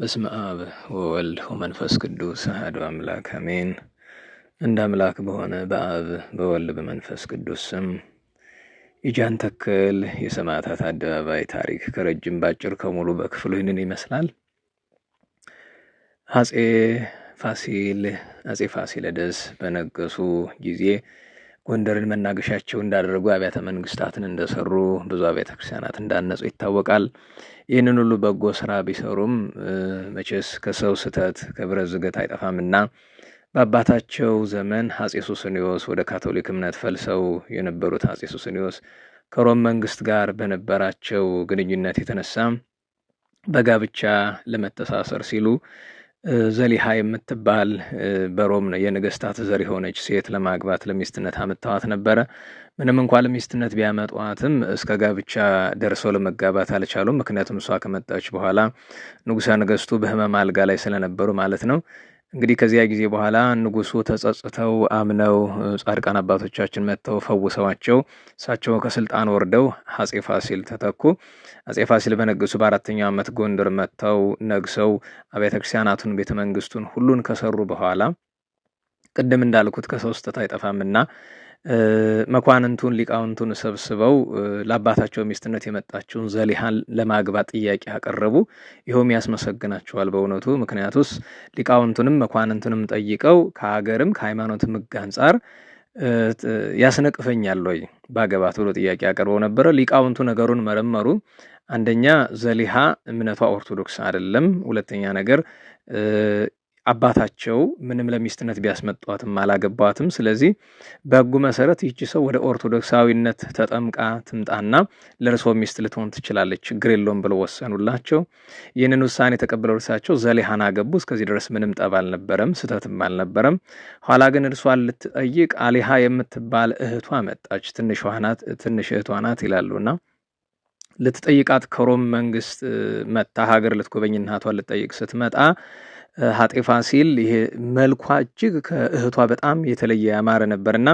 በስመ አብ ወወልድ ወመንፈስ ቅዱስ አሐዱ አምላክ አሜን። እንደ አምላክ በሆነ በአብ በወልድ በመንፈስ ቅዱስ ስም የጃን ተከል የሰማዕታት አደባባይ ታሪክ ከረጅም ባጭር ከሙሉ በክፍሉ ይህንን ይመስላል። አፄ ፋሲል አፄ ፋሲለደስ በነገሱ ጊዜ ጎንደርን መናገሻቸው እንዳደረጉ አብያተ መንግስታትን እንደሰሩ ብዙ አብያተ ክርስቲያናት እንዳነጹ ይታወቃል። ይህንን ሁሉ በጎ ስራ ቢሰሩም መቼስ ከሰው ስህተት ከብረት ዝገት አይጠፋምና በአባታቸው ዘመን አጼ ሱስንዮስ ወደ ካቶሊክ እምነት ፈልሰው የነበሩት አጼ ሱስንዮስ ከሮም መንግስት ጋር በነበራቸው ግንኙነት የተነሳ በጋብቻ ለመተሳሰር ሲሉ ዘሊሃ የምትባል በሮም የነገስታት ዘር የሆነች ሴት ለማግባት ለሚስትነት አመጣዋት ነበረ። ምንም እንኳ ለሚስትነት ቢያመጧትም እስከ ጋብቻ ደርሰው ለመጋባት አልቻሉም። ምክንያቱም እሷ ከመጣች በኋላ ንጉሠ ነገስቱ በህመም አልጋ ላይ ስለነበሩ ማለት ነው። እንግዲህ ከዚያ ጊዜ በኋላ ንጉሱ ተጸጽተው አምነው ጻድቃን አባቶቻችን መጥተው ፈውሰዋቸው እሳቸው ከስልጣን ወርደው አጼ ፋሲል ተተኩ። አጼ ፋሲል በነገሱ በአራተኛው ዓመት ጎንደር መጥተው ነግሰው አብያተ ክርስቲያናቱን ቤተ መንግስቱን ሁሉን ከሰሩ በኋላ ቅድም እንዳልኩት ከሰው ስህተት አይጠፋምና መኳንንቱን ሊቃውንቱን ሰብስበው ለአባታቸው ሚስትነት የመጣችውን ዘሊሃን ለማግባት ጥያቄ አቀረቡ። ይኸውም ያስመሰግናቸዋል በእውነቱ ምክንያቱስ ሊቃውንቱንም መኳንንቱንም ጠይቀው ከሀገርም ከሃይማኖት ሕግ አንጻር ያስነቅፈኛል ወይ ባገባት ብሎ ጥያቄ አቀርበው ነበረ። ሊቃውንቱ ነገሩን መረመሩ። አንደኛ ዘሊሃ እምነቷ ኦርቶዶክስ አይደለም፣ ሁለተኛ ነገር አባታቸው ምንም ለሚስትነት ቢያስመጧትም አላገባትም። ስለዚህ በህጉ መሰረት ይቺ ሰው ወደ ኦርቶዶክሳዊነት ተጠምቃ ትምጣና ለእርሶ ሚስት ልትሆን ትችላለች፣ ችግር የለውም ብለው ወሰኑላቸው። ይህንን ውሳኔ ተቀብለው እርሳቸው ዘሌሃና ገቡ። እስከዚህ ድረስ ምንም ጠብ አልነበረም፣ ስህተትም አልነበረም። ኋላ ግን እርሷን ልትጠይቅ አሊሃ የምትባል እህቷ መጣች። ትንሽ እህቷ ናት ይላሉና ልትጠይቃት ከሮም መንግስት መታ ሀገር ልትጎበኝ እናቷን ልትጠይቅ ስትመጣ አጤ ፋሲል ይሄ መልኳ እጅግ ከእህቷ በጣም የተለየ ያማረ ነበርና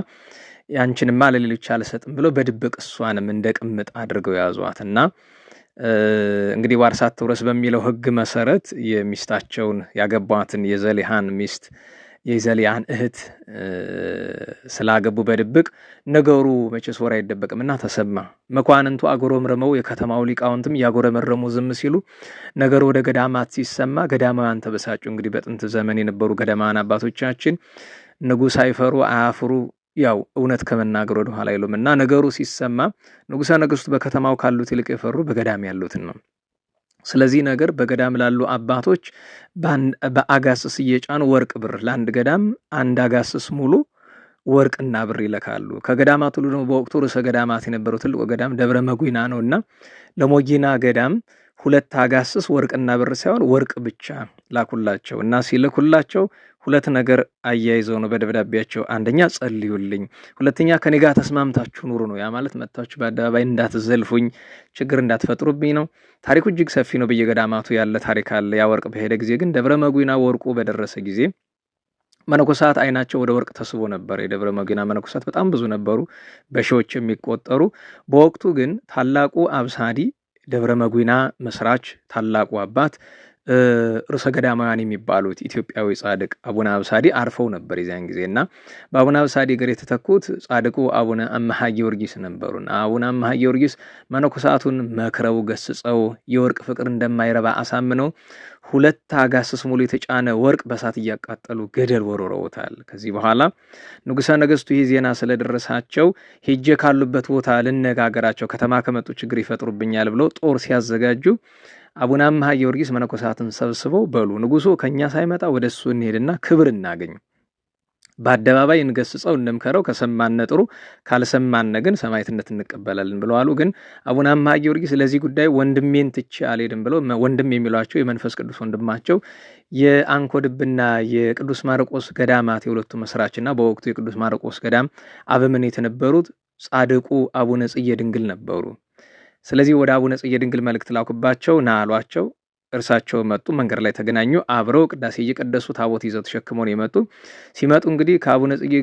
ያንቺንማ ለሌሎች አልሰጥም ብለው በድብቅ እሷንም እንደ ቅምጥ አድርገው ያዟት እና እንግዲህ ዋርሳት ትውረስ በሚለው ሕግ መሰረት የሚስታቸውን ያገቧትን የዘሊሃን ሚስት የዘልያን እህት ስላገቡ በድብቅ ነገሩ መቼስ ወሬ አይደበቅም እና ተሰማ። መኳንንቱ አጎረምርመው የከተማው ሊቃውንትም እያጎረመረሙ ዝም ሲሉ ነገሩ ወደ ገዳማት ሲሰማ ገዳማውያን ተበሳጩ። እንግዲህ በጥንት ዘመን የነበሩ ገዳማውያን አባቶቻችን ንጉሥ አይፈሩ አያፍሩ ያው እውነት ከመናገር ወደኋላ አይሉም እና ነገሩ ሲሰማ ንጉሠ ነገሥቱ በከተማው ካሉት ይልቅ የፈሩ በገዳም ያሉትን ነው። ስለዚህ ነገር በገዳም ላሉ አባቶች በአጋስስ እየጫኑ ወርቅ ብር ለአንድ ገዳም አንድ አጋስስ ሙሉ ወርቅና ብር ይለካሉ። ከገዳማት ሁሉ ደግሞ በወቅቱ ርዕሰ ገዳማት የነበረው ትልቁ ገዳም ደብረ መጉና ነው እና ለሞጊና ገዳም ሁለት አጋስስ ወርቅና ብር ሳይሆን ወርቅ ብቻ ላኩላቸው እና ሲልኩላቸው ሁለት ነገር አያይዘው ነው በደብዳቤያቸው። አንደኛ ጸልዩልኝ፣ ሁለተኛ ከኔ ጋር ተስማምታችሁ ኑሩ ነው። ያ ማለት መጥታችሁ በአደባባይ እንዳትዘልፉኝ፣ ችግር እንዳትፈጥሩብኝ ነው። ታሪኩ እጅግ ሰፊ ነው። በየገዳማቱ ያለ ታሪክ አለ። ያ ወርቅ በሄደ ጊዜ ግን ደብረ መጉና ወርቁ በደረሰ ጊዜ መነኮሳት አይናቸው ወደ ወርቅ ተስቦ ነበር። የደብረ መጉና መነኮሳት በጣም ብዙ ነበሩ፣ በሺዎች የሚቆጠሩ። በወቅቱ ግን ታላቁ አብሳዲ ደብረ መጉና መስራች ታላቁ አባት ርዕሰ ገዳማውያን የሚባሉት ኢትዮጵያዊ ጻድቅ አቡነ አብሳዲ አርፈው ነበር የዚያን ጊዜ እና በአቡነ አብሳዲ እግር የተተኩት ጻድቁ አቡነ አመሃ ጊዮርጊስ ነበሩና አቡነ አመሃ ጊዮርጊስ መነኮሳቱን መክረው ገስጸው የወርቅ ፍቅር እንደማይረባ አሳምነው ሁለት አጋስስ ሙሉ የተጫነ ወርቅ በሳት እያቃጠሉ ገደል ወርውረውታል። ከዚህ በኋላ ንጉሠ ነገሥቱ ይህ ዜና ስለደረሳቸው ሄጄ ካሉበት ቦታ ልነጋገራቸው ከተማ ከመጡ ችግር ይፈጥሩብኛል ብለው ጦር ሲያዘጋጁ አቡነ አምሃ ጊዮርጊስ መነኮሳትን ሰብስበው በሉ ንጉሱ ከእኛ ሳይመጣ ወደ እሱ እንሄድና ክብር እናገኝ በአደባባይ እንገስጸው እንምከረው፣ ከሰማነ ጥሩ፣ ካልሰማነ ግን ሰማዕትነት እንቀበላለን ብለው አሉ። ግን አቡነ አምሃ ጊዮርጊስ ለዚህ ጉዳይ ወንድሜን ትቼ አልሄድም ብለው ወንድም የሚሏቸው የመንፈስ ቅዱስ ወንድማቸው የአንኮድብና የቅዱስ ማርቆስ ገዳማት የሁለቱ መስራችና በወቅቱ የቅዱስ ማርቆስ ገዳም አበምኔት የነበሩት ጻድቁ አቡነ ጽዬ ድንግል ነበሩ። ስለዚህ ወደ አቡነ ጽዬ ድንግል መልእክት ላኩባቸው፣ ና አሏቸው። እርሳቸው መጡ። መንገድ ላይ ተገናኙ። አብረው ቅዳሴ እየቀደሱ ታቦት ይዘው ተሸክመው ነው የመጡ። ሲመጡ እንግዲህ ከአቡነ ጽዬ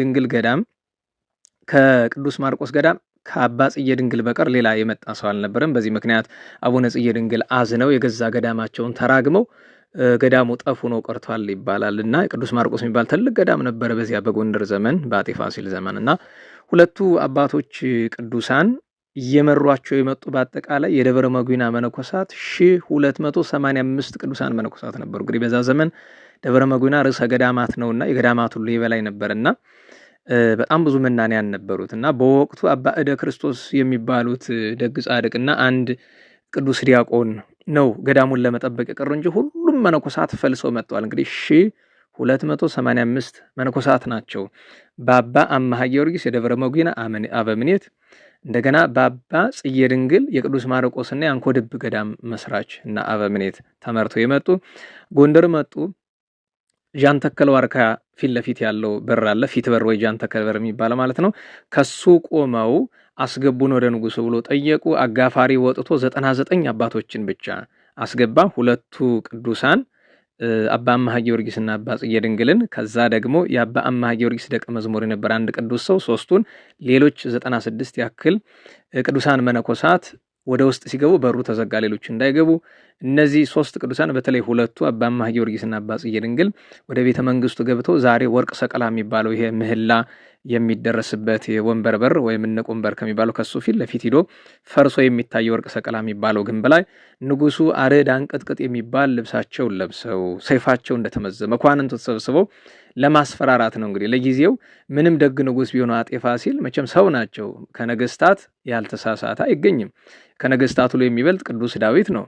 ድንግል ገዳም፣ ከቅዱስ ማርቆስ ገዳም ከአባ ጽዬ ድንግል በቀር ሌላ የመጣ ሰው አልነበረም። በዚህ ምክንያት አቡነ ጽዬ ድንግል አዝነው የገዛ ገዳማቸውን ተራግመው ገዳሙ ጠፉ ነው ቀርቷል ይባላል እና ቅዱስ ማርቆስ የሚባል ትልቅ ገዳም ነበረ በዚያ በጎንደር ዘመን በአጤ ፋሲል ዘመን እና ሁለቱ አባቶች ቅዱሳን እየመሯቸው የመጡ በአጠቃላይ የደብረ መጉና መነኮሳት 1285 ቅዱሳን መነኮሳት ነበሩ። እንግዲህ በዛ ዘመን ደብረ መጉና ርዕሰ ገዳማት ነውና የገዳማት ሁሉ የበላይ ነበርና በጣም ብዙ መናንያን ነበሩት እና በወቅቱ አባ እደ ክርስቶስ የሚባሉት ደግ ጻድቅና አንድ ቅዱስ ዲያቆን ነው ገዳሙን ለመጠበቅ የቀሩ እንጂ ሁሉም መነኮሳት ፈልሰው መጥተዋል። እንግዲህ 285 መነኮሳት ናቸው። በአባ አማሀ ጊዮርጊስ የደብረ መጉና አበምኔት እንደገና በአባ ጽዬ ድንግል የቅዱስ ማርቆስና የአንኮድብ ገዳም መስራች እና አበምኔት ተመርተው የመጡ ጎንደር መጡ። ጃን ተከል ዋርካ ፊት ለፊት ያለው በር አለ። ፊት በር ወይ ጃን ተከል በር የሚባለ ማለት ነው። ከሱ ቆመው አስገቡን ወደ ንጉሱ ብሎ ጠየቁ። አጋፋሪ ወጥቶ ዘጠና ዘጠኝ አባቶችን ብቻ አስገባ። ሁለቱ ቅዱሳን አባ ጊዮርጊስ ጊዮርጊስና አባ ጽጌ ድንግልን ከዛ ደግሞ የአባ አማሀ ጊዮርጊስ ደቀ መዝሙር የነበረ አንድ ቅዱስ ሰው ሶስቱን ሌሎች ዘጠና ስድስት ያክል ቅዱሳን መነኮሳት ወደ ውስጥ ሲገቡ በሩ ተዘጋ፣ ሌሎች እንዳይገቡ እነዚህ ሶስት ቅዱሳን በተለይ ሁለቱ አባማ ጊዮርጊስና አባ ጽጌ ድንግል ወደ ቤተ መንግስቱ ገብተው ዛሬ ወርቅ ሰቀላ የሚባለው ይሄ ምህላ የሚደረስበት ወንበር በር ወይም ንቁ ወንበር ከሚባለው ከሱ ፊት ለፊት ሂዶ ፈርሶ የሚታየ ወርቅ ሰቀላ የሚባለው ግንብ ላይ ንጉሱ አርዕድ አንቅጥቅጥ የሚባል ልብሳቸውን ለብሰው ሰይፋቸው እንደተመዘ መኳንንቱ ተሰብስበው ለማስፈራራት ነው። እንግዲህ ለጊዜው ምንም ደግ ንጉስ ቢሆኑ አጤ ፋሲል መቼም ሰው ናቸው። ከነገስታት ያልተሳሳተ አይገኝም። ከነገስታት ሁሉ የሚበልጥ ቅዱስ ዳዊት ነው።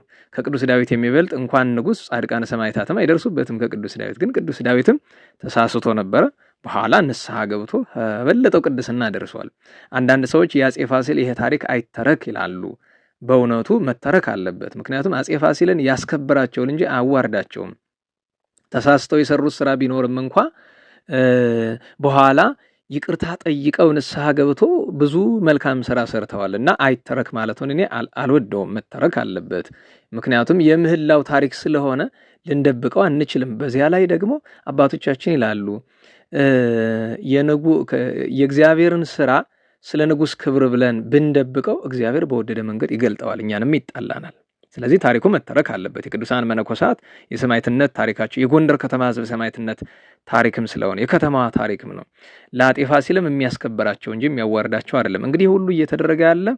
ከቅዱስ ዳዊት የሚበልጥ እንኳን ንጉሥ ጻድቃነ ሰማዕታትም አይደርሱበትም ከቅዱስ ዳዊት። ግን ቅዱስ ዳዊትም ተሳስቶ ነበረ። በኋላ ንስሐ ገብቶ በበለጠው ቅድስና ደርሷል። አንዳንድ ሰዎች የአጼ ፋሲል ይሄ ታሪክ አይተረክ ይላሉ። በእውነቱ መተረክ አለበት። ምክንያቱም አጼ ፋሲልን ያስከብራቸውን እንጂ አዋርዳቸውም ተሳስተው የሰሩት ስራ ቢኖርም እንኳ በኋላ ይቅርታ ጠይቀው ንስሐ ገብቶ ብዙ መልካም ስራ ሰርተዋል እና አይተረክ ማለቱን እኔ አልወደውም። መተረክ አለበት። ምክንያቱም የምህላው ታሪክ ስለሆነ ልንደብቀው አንችልም። በዚያ ላይ ደግሞ አባቶቻችን ይላሉ የእግዚአብሔርን ስራ ስለ ንጉሥ ክብር ብለን ብንደብቀው እግዚአብሔር በወደደ መንገድ ይገልጠዋል፣ እኛንም ይጣላናል። ስለዚህ ታሪኩ መተረክ አለበት። የቅዱሳን መነኮሳት የሰማዕትነት ታሪካቸው የጎንደር ከተማ ህዝብ ሰማዕትነት ታሪክም ስለሆነ የከተማዋ ታሪክም ነው። ለአጤ ፋሲልም የሚያስከበራቸው እንጂ የሚያዋርዳቸው አይደለም። እንግዲህ ሁሉ እየተደረገ ያለ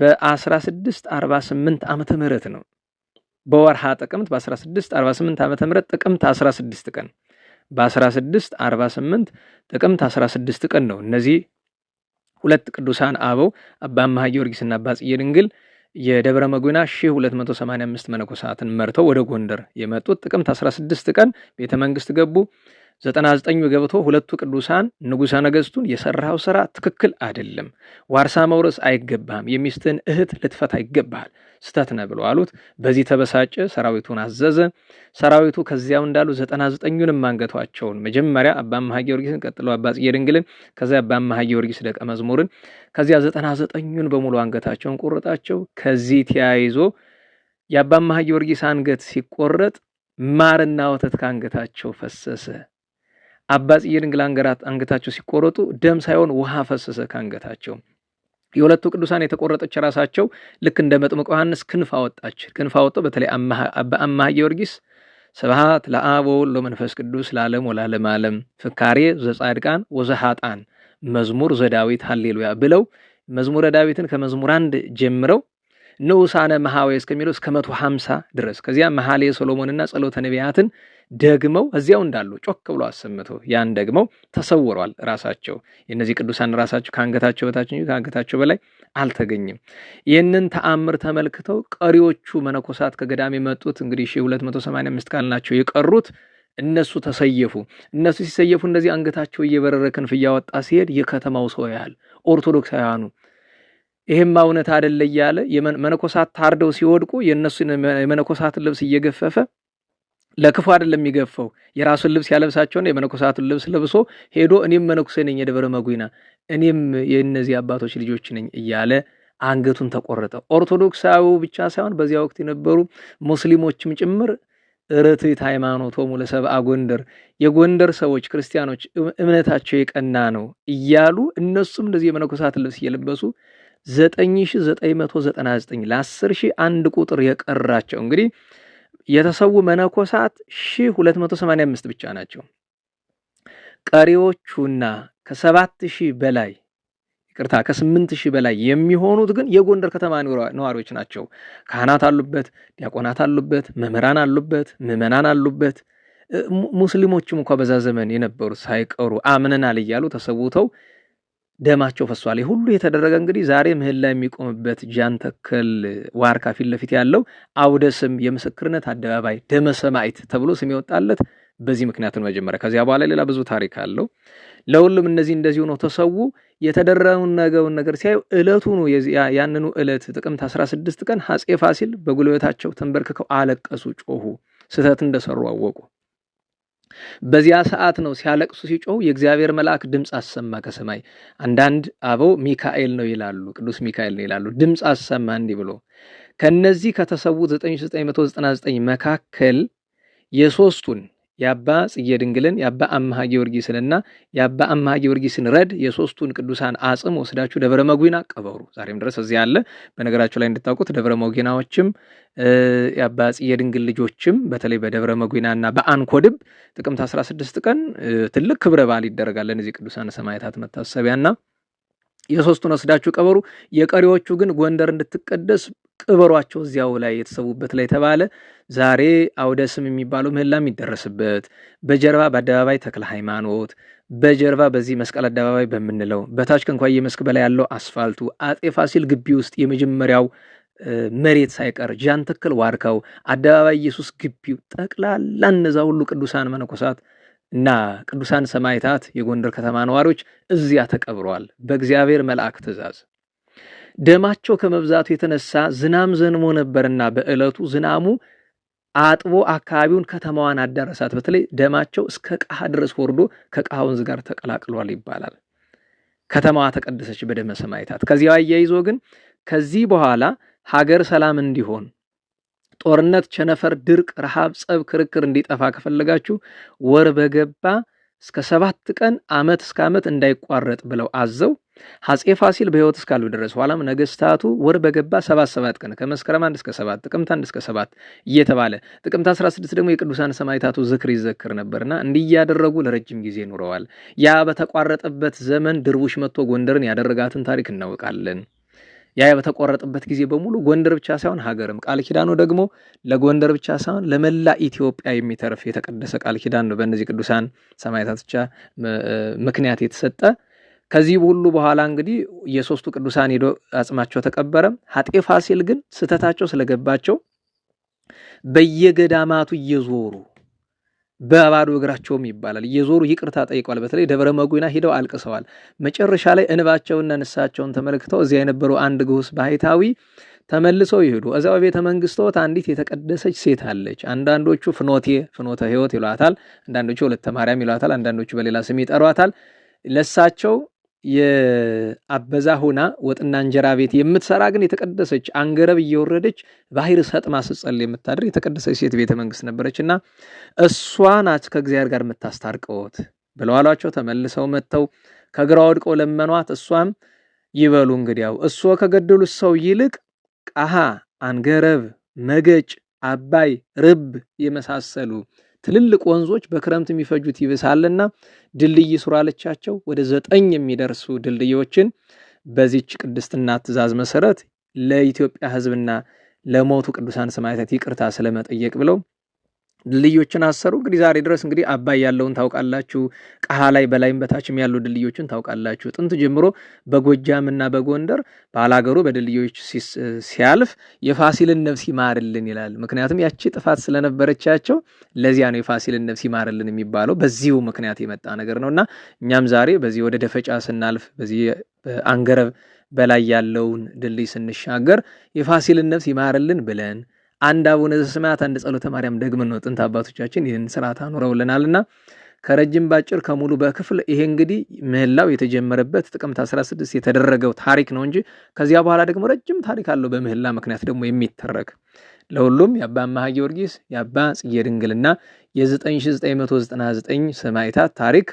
በ1648 ዓመተ ምህረት ነው። በወርሃ ጥቅምት በ1648 ዓመተ ምህረት ጥቅምት 16 ቀን በ1648 ጥቅምት 16 ቀን ነው እነዚህ ሁለት ቅዱሳን አበው አባ ጊዮርጊስ ጊዮርጊስና አባ ጽጌ ድንግል የደብረ መጉና 1285 መነኮሳትን መርተው ወደ ጎንደር የመጡት ጥቅምት 16 ቀን ቤተ መንግስት ገቡ። ዘጠና ዘጠኙ ገብቶ ሁለቱ ቅዱሳን ንጉሠ ነገሥቱን የሰራኸው ሥራ ትክክል አይደለም፣ ዋርሳ መውረስ አይገባም፣ የሚስትን እህት ልትፈታ ይገባሃል፣ ስተት ነ ብሎ አሉት። በዚህ ተበሳጨ፣ ሰራዊቱን አዘዘ። ሰራዊቱ ከዚያው እንዳሉ ዘጠና ዘጠኙንም አንገቷቸውን መጀመሪያ አባ መሃ ጊዮርጊስን፣ ቀጥሎ አባ ጽጌ ድንግልን፣ ከዚያ አባ መሃ ጊዮርጊስ ደቀ መዝሙርን፣ ከዚያ ዘጠና ዘጠኙን በሙሉ አንገታቸውን ቆረጣቸው። ከዚህ ተያይዞ የአባ መሃ ጊዮርጊስ አንገት ሲቆረጥ ማርና ወተት ከአንገታቸው ፈሰሰ። አባ ጽጌ ድንግል አንገታቸው ሲቆረጡ ደም ሳይሆን ውሃ ፈሰሰ ከአንገታቸው። የሁለቱ ቅዱሳን የተቆረጠች ራሳቸው ልክ እንደ መጥምቀ ዮሐንስ ክንፍ አወጣች። ክንፍ አወጣው። በተለይ በአምሃ ጊዮርጊስ ስብሐት ለአብ ወወልድ ወመንፈስ ቅዱስ ለዓለም ወላለም ዓለም ፍካሬ ዘጻድቃን ወዘሃጣን መዝሙር ዘዳዊት ሃሌሉያ ብለው መዝሙረ ዳዊትን ከመዝሙር አንድ ጀምረው ንዑሳነ መሐዌ እስከሚለው እስከ መቶ ሀምሳ ድረስ ከዚያ መሐሌ ሰሎሞንና ጸሎተ ነቢያትን ደግመው እዚያው እንዳሉ ጮክ ብሎ አሰምቶ ያን ደግመው ተሰውሯል። ራሳቸው የእነዚህ ቅዱሳን ራሳቸው ከአንገታቸው በታች እንጂ ከአንገታቸው በላይ አልተገኝም። ይህንን ተአምር ተመልክተው ቀሪዎቹ መነኮሳት ከገዳም የመጡት እንግዲህ 1285 ቃል ናቸው የቀሩት እነሱ ተሰየፉ። እነሱ ሲሰየፉ እንደዚህ አንገታቸው እየበረረ ክንፍ እያወጣ ሲሄድ የከተማው ሰው ያህል ኦርቶዶክሳውያኑ ይህም እውነት አደለ እያለ መነኮሳት ታርደው ሲወድቁ የነሱ የመነኮሳትን ልብስ እየገፈፈ ለክፉ አይደለም የሚገፈው። የራሱን ልብስ ያለብሳቸውን የመነኮሳቱን ልብስ ለብሶ ሄዶ እኔም መነኩሴ ነኝ የደብረ መጉና እኔም የእነዚህ አባቶች ልጆች ነኝ እያለ አንገቱን ተቆረጠ። ኦርቶዶክሳዊ ብቻ ሳይሆን በዚያ ወቅት የነበሩ ሙስሊሞችም ጭምር ርትዕት ሃይማኖቶሙ ለሰብአ ጎንደር፣ የጎንደር ሰዎች ክርስቲያኖች እምነታቸው የቀና ነው እያሉ እነሱም እንደዚህ የመነኮሳት ልብስ እየለበሱ 9999 ለ10 ሺህ አንድ ቁጥር የቀራቸው እንግዲህ የተሰዉ መነኮሳት 1285 ብቻ ናቸው። ቀሪዎቹና ከ7000 በላይ ይቅርታ ከ ከ8000 በላይ የሚሆኑት ግን የጎንደር ከተማ ነዋሪዎች ናቸው። ካህናት አሉበት፣ ዲያቆናት አሉበት፣ መምህራን አሉበት፣ ምዕመናን አሉበት። ሙስሊሞችም እንኳ በዛ ዘመን የነበሩት ሳይቀሩ አምነናል እያሉ ተሰውተው ደማቸው ፈሷል። ሁሉ የተደረገ እንግዲህ ዛሬ ምህላ የሚቆምበት ጃን ተከል ዋርካ ፊት ለፊት ያለው አውደ ስም የምስክርነት አደባባይ ደመ ተብሎ ስም የወጣለት በዚህ ምክንያት ነው መጀመሪያ። ከዚያ በኋላ ሌላ ብዙ ታሪክ አለው። ለሁሉም እነዚህ እንደዚሁ ነው። ተሰው የተደረገውን ነገውን ነገር ሲያዩ እለቱ ነው ያንኑ እለት ጥቅምት 16 ቀን አፄ ፋሲል በጉልበታቸው ተንበርክከው አለቀሱ፣ ጮሁ፣ ስህተት እንደሰሩ አወቁ። በዚያ ሰዓት ነው ሲያለቅሱ ሲጮሁ የእግዚአብሔር መልአክ ድምፅ አሰማ ከሰማይ። አንዳንድ አበው ሚካኤል ነው ይላሉ፣ ቅዱስ ሚካኤል ነው ይላሉ። ድምፅ አሰማ እንዲህ ብሎ ከነዚህ ከተሰዉት 9999 መካከል የሶስቱን የአባ ጽጌ ድንግልን የአባ አምሃ ጊዮርጊስንና የአባ አምሃ ጊዮርጊስን ረድ የሶስቱን ቅዱሳን አጽም ወስዳችሁ ደብረ መጉና ቀበሩ። ዛሬም ድረስ እዚህ አለ። በነገራችሁ ላይ እንድታውቁት ደብረ መጉናዎችም የአባ ጽጌ ድንግል ልጆችም በተለይ በደብረ መጉናና በአንኮድብ ጥቅምት 16 ቀን ትልቅ ክብረ በዓል ይደረጋል። እነዚህ ቅዱሳን ሰማዕታት መታሰቢያና የሶስቱን ወስዳችሁ ቀበሩ። የቀሪዎቹ ግን ጎንደር እንድትቀደስ ቅበሯቸው እዚያው ላይ የተሰዉበት ላይ ተባለ። ዛሬ አውደ ስም የሚባለው ምህላ የሚደረስበት በጀርባ በአደባባይ ተክለ ሃይማኖት በጀርባ በዚህ መስቀል አደባባይ በምንለው በታች ከንኳየ መስክ በላይ ያለው አስፋልቱ አጤ ፋሲል ግቢ ውስጥ የመጀመሪያው መሬት ሳይቀር ጃን ተክል ዋርከው አደባባይ ኢየሱስ ግቢው ጠቅላላ እነዛ ሁሉ ቅዱሳን መነኮሳት እና ቅዱሳን ሰማይታት የጎንደር ከተማ ነዋሪዎች እዚያ ተቀብረዋል በእግዚአብሔር መልአክ ትእዛዝ። ደማቸው ከመብዛቱ የተነሳ ዝናም ዘንሞ ነበርና በዕለቱ ዝናሙ አጥቦ አካባቢውን ከተማዋን አዳረሳት። በተለይ ደማቸው እስከ ቀሃ ድረስ ወርዶ ከቀሃ ወንዝ ጋር ተቀላቅሏል ይባላል። ከተማዋ ተቀደሰች በደመ ሰማይታት ከዚያው አያይዞ ግን ከዚህ በኋላ ሀገር ሰላም እንዲሆን ጦርነት፣ ቸነፈር፣ ድርቅ፣ ረሃብ፣ ጸብ፣ ክርክር እንዲጠፋ ከፈለጋችሁ ወር በገባ እስከ ሰባት ቀን ዓመት እስከ ዓመት እንዳይቋረጥ ብለው አዘው አፄ ፋሲል በሕይወት እስካሉ ድረስ ኋላም ነገስታቱ ወር በገባ ሰባት ሰባት ቀን ከመስከረም አንድ እስከ ሰባት ጥቅምት አንድ እስከ ሰባት እየተባለ ጥቅምት ስድስት ደግሞ የቅዱሳን ሰማዕታቱ ዝክር ይዘክር ነበርና እንዲያደረጉ ለረጅም ጊዜ ኑረዋል። ያ በተቋረጠበት ዘመን ድርቡሽ መጥቶ ጎንደርን ያደረጋትን ታሪክ እናውቃለን። ያ በተቆረጠበት ጊዜ በሙሉ ጎንደር ብቻ ሳይሆን ሀገርም ቃል ኪዳኑ ደግሞ ለጎንደር ብቻ ሳይሆን ለመላ ኢትዮጵያ የሚተርፍ የተቀደሰ ቃል ኪዳን ነው። በእነዚህ ቅዱሳን ሰማዕታት ብቻ ምክንያት የተሰጠ ከዚህ ሁሉ በኋላ እንግዲህ የሶስቱ ቅዱሳን ሄዶ አጽማቸው ተቀበረም። አጤ ፋሲል ግን ስህተታቸው ስለገባቸው በየገዳማቱ እየዞሩ በባዶ እግራቸውም ይባላል እየዞሩ ይቅርታ ጠይቀዋል። በተለይ ደብረ መጉና ሂደው አልቅሰዋል። መጨረሻ ላይ እንባቸውና ንሳቸውን ተመልክተው እዚያ የነበረው አንድ ግሁስ ባህታዊ ተመልሰው ይሄዱ። እዚያው ቤተ መንግስቶት አንዲት የተቀደሰች ሴት አለች። አንዳንዶቹ ፍኖቴ ፍኖተ ሕይወት ይሏታል፣ አንዳንዶቹ ወለተ ማርያም ይሏታል፣ አንዳንዶቹ በሌላ ስም ይጠሯታል። ለሳቸው የአበዛ ሆና ወጥና እንጀራ ቤት የምትሰራ ግን የተቀደሰች አንገረብ እየወረደች ባህር ሰጥማ ስትጸልይ የምታድር የተቀደሰች ሴት ቤተ መንግስት ነበረች እና እሷ ናት ከእግዚአብሔር ጋር የምታስታርቀዎት ብለዋሏቸው ተመልሰው መጥተው ከግራ ወድቀው ለመኗት። እሷም ይበሉ እንግዲያው እሷ ከገደሉት ሰው ይልቅ ቃሃ አንገረብ፣ መገጭ፣ አባይ፣ ርብ የመሳሰሉ ትልልቅ ወንዞች በክረምት የሚፈጁት ይብሳልና ድልድይ ሱራለቻቸው ወደ ዘጠኝ የሚደርሱ ድልድዮችን በዚች ቅድስትና ትእዛዝ መሰረት ለኢትዮጵያ ሕዝብና ለሞቱ ቅዱሳን ሰማዕታት ይቅርታ ስለመጠየቅ ብለው ድልድዮችን አሰሩ። እንግዲህ ዛሬ ድረስ እንግዲህ አባይ ያለውን ታውቃላችሁ። ቀሃ ላይ በላይም በታችም ያሉ ድልድዮችን ታውቃላችሁ። ጥንት ጀምሮ በጎጃምና በጎንደር ባላገሩ በድልድዮች ሲያልፍ የፋሲልን ነፍስ ይማርልን ይላል። ምክንያቱም ያቺ ጥፋት ስለነበረቻቸው ለዚያ ነው የፋሲልን ነፍስ ይማርልን የሚባለው በዚሁ ምክንያት የመጣ ነገር እና እኛም ዛሬ በዚህ ወደ ደፈጫ ስናልፍ በዚህ አንገረብ በላይ ያለውን ድልድይ ስንሻገር የፋሲልን ነፍስ ይማርልን ብለን አንድ አቡነ ዘስማያት አንድ ጸሎተ ማርያም ደግመን ነው ጥንት አባቶቻችን ይህን ስርዓት አኑረውልናልና ከረጅም ባጭር ከሙሉ በክፍል ይሄ እንግዲህ ምህላው የተጀመረበት ጥቅምት 16 የተደረገው ታሪክ ነው እንጂ ከዚያ በኋላ ደግሞ ረጅም ታሪክ አለው። በምህላ ምክንያት ደግሞ የሚተረክ ለሁሉም የአባ አምሃ ጊዮርጊስ የአባ ጽጌ ድንግልና የ9999 ሰማዕታት ታሪክ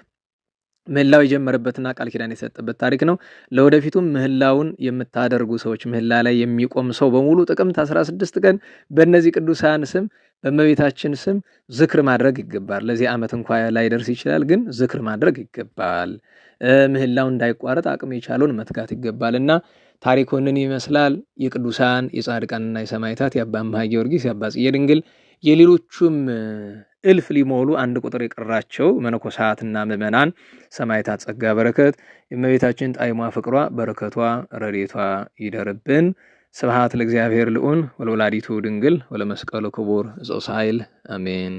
ምህላው የጀመረበትና ቃል ኪዳን የሰጠበት ታሪክ ነው። ለወደፊቱም ምህላውን የምታደርጉ ሰዎች ምህላ ላይ የሚቆም ሰው በሙሉ ጥቅምት 16 ቀን በእነዚህ ቅዱሳን ስም በእመቤታችን ስም ዝክር ማድረግ ይገባል። ለዚህ ዓመት እንኳ ላይደርስ ይችላል፣ ግን ዝክር ማድረግ ይገባል። ምህላው እንዳይቋረጥ አቅም የቻለውን መትጋት ይገባል እና ታሪኮንን ይመስላል የቅዱሳን የጻድቃንና የሰማዕታት የአባ አምሃ ጊዮርጊስ፣ የአባ ጽጌ ድንግል የሌሎቹም እልፍ ሊሞሉ አንድ ቁጥር የቀራቸው መነኮሳትና ምዕመናን ሰማዕታት ጸጋ በረከት የእመቤታችን ጣዕሟ ፍቅሯ በረከቷ ረድኤቷ ይደርብን። ስብሐት ለእግዚአብሔር ልዑን ወለወላዲቱ ድንግል ወለመስቀሉ ክቡር ዘውሳይል አሜን።